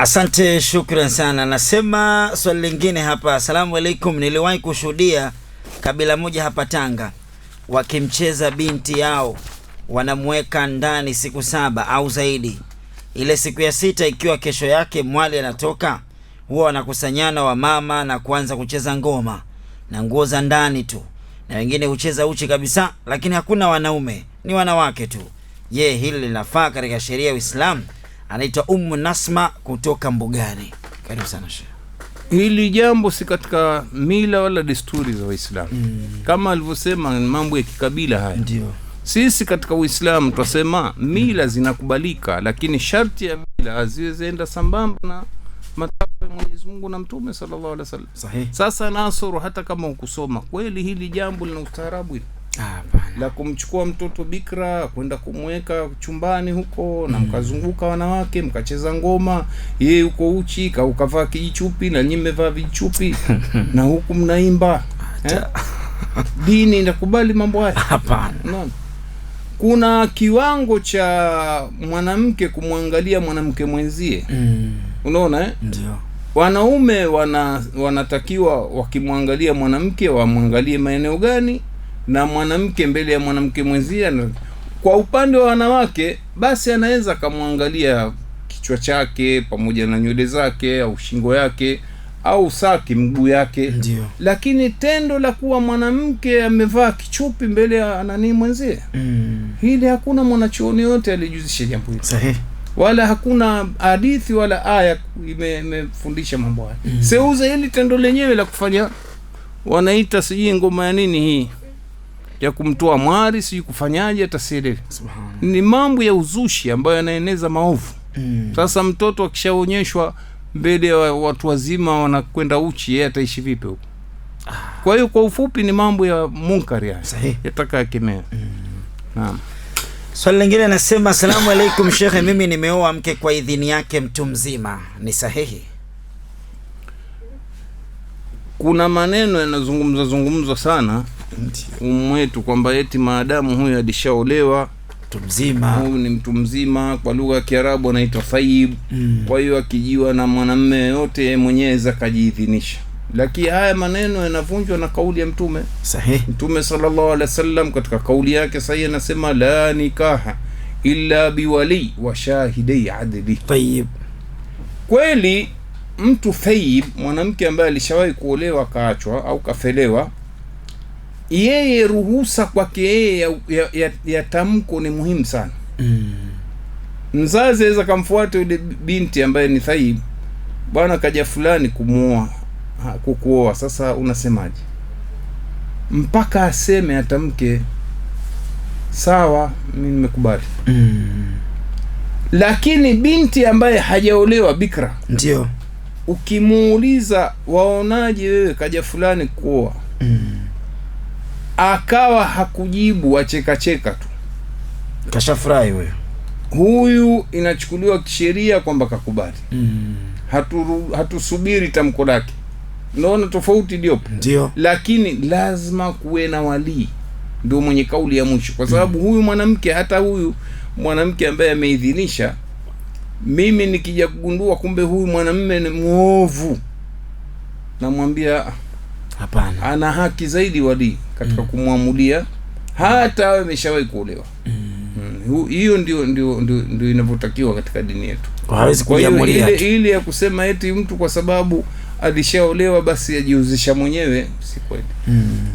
Asante, shukran sana. Nasema swali lingine hapa, asalamu alaikum. Niliwahi kushuhudia kabila moja hapa Tanga wakimcheza binti yao, wanamweka ndani siku saba au zaidi. Ile siku ya sita ikiwa kesho yake mwali anatoka, huwa wanakusanyana wamama na kuanza kucheza ngoma na nguo za ndani tu, na wengine hucheza uchi kabisa, lakini hakuna wanaume, ni wanawake tu. Je, hili linafaa katika sheria ya Uislamu? anaitwa Ummu Nasma kutoka Mbugani. Karibu sana Sheikh. Hili jambo si katika mila wala desturi za Waislamu mm. kama alivyosema mambo ya kikabila haya Ndiyo. Sisi katika Uislamu twasema mila zinakubalika, lakini sharti ya mila ziwezeenda sambamba na matakwa ya Mwenyezi Mungu na Mtume sallallahu alaihi wasallam. Sasa Nasoro, hata kama ukusoma kweli hili jambo lina ustaarabu hili la kumchukua mtoto bikra kwenda kumweka chumbani huko na mm. mkazunguka wanawake mkacheza ngoma, yeye uko uchi kaukavaa kijichupi na nyinyi mmevaa vijichupi na huku mnaimba eh? Dini inakubali mambo haya? Hapana. Kuna kiwango cha mwanamke kumwangalia mwanamke mwenzie mm. Unaona eh? Ndio. Wanaume wana, wanatakiwa wakimwangalia mwanamke wamwangalie maeneo gani na mwanamke mbele ya mwanamke mwenzie. Kwa upande wa wanawake, basi anaweza akamwangalia kichwa chake pamoja na nywele zake au shingo yake au saki mguu yake. Ndiyo. Lakini tendo la kuwa mwanamke amevaa kichupi mbele ya nani mwenzie mm. Hili hakuna mwanachuoni yote alijuzisha jambo hili wala hakuna hadithi wala aya imefundisha mambo haya mm. Seuze hili tendo lenyewe la kufanya wanaita sijui ngoma ya nini hii ya kumtoa mwari, sijui kufanyaje, hata sielewi. Ni mambo ya uzushi ambayo yanaeneza maovu mm. Sasa mtoto akishaonyeshwa mbele ya watu wazima wanakwenda uchi, yeye ataishi vipi huko? Ah. Kwa hiyo kwa ufupi ni mambo ya munkari yataka yakemea. mm. swali so, lingine anasema, asalamu alaikum shekhe, mimi nimeoa mke kwa idhini yake mtu mzima, ni sahihi? Kuna maneno yanazungumzwa zungumzwa sana umwetu kwamba eti maadamu huyu alishaolewa huyu ni mtu mzima, kwa lugha ya Kiarabu anaitwa thayib mm. Kwa hiyo akijiwa na mwanamme yoyote mwenyeweza kajiidhinisha, lakini haya maneno yanavunjwa na kauli ya Mtume sahih Mtume sallallahu alaihi wasallam katika kauli yake sahihi anasema la nikaha illa biwali wa shahidai adli. Tayyib, kweli mtu thayib, mwanamke ambaye alishawahi kuolewa akaachwa au kafelewa yeye ruhusa kwake yeye ya, ya, ya, ya tamko ni muhimu sana mm. Mzazi aweza kamfuata yule binti ambaye ni thaib, bwana kaja fulani kumuoa kukuoa, sasa unasemaje? Mpaka aseme atamke, sawa, mi nimekubali mm. Lakini binti ambaye hajaolewa bikra, ndio ukimuuliza waonaje wewe kaja fulani kuoa akawa hakujibu, achekacheka tu, kashafurahi huyo. Huyu inachukuliwa kisheria kwamba kakubali. mm. Haturu, hatusubiri tamko lake. Unaona tofauti iliyopo, ndio. Lakini lazima kuwe na walii, ndio mwenye kauli ya mwisho, kwa sababu mm. huyu mwanamke, hata huyu mwanamke ambaye ameidhinisha, mimi nikija kugundua kumbe huyu mwanamume ni mwovu, namwambia hapana, ana haki zaidi walii katika mm. kumwamulia hata awe ameshawahi kuolewa mm. Mm. hiyo mm. ndio ndio ndio inavyotakiwa katika dini yetu. ile ile ya kusema eti mtu kwa sababu alishaolewa basi ajiuzisha mwenyewe si kweli mm.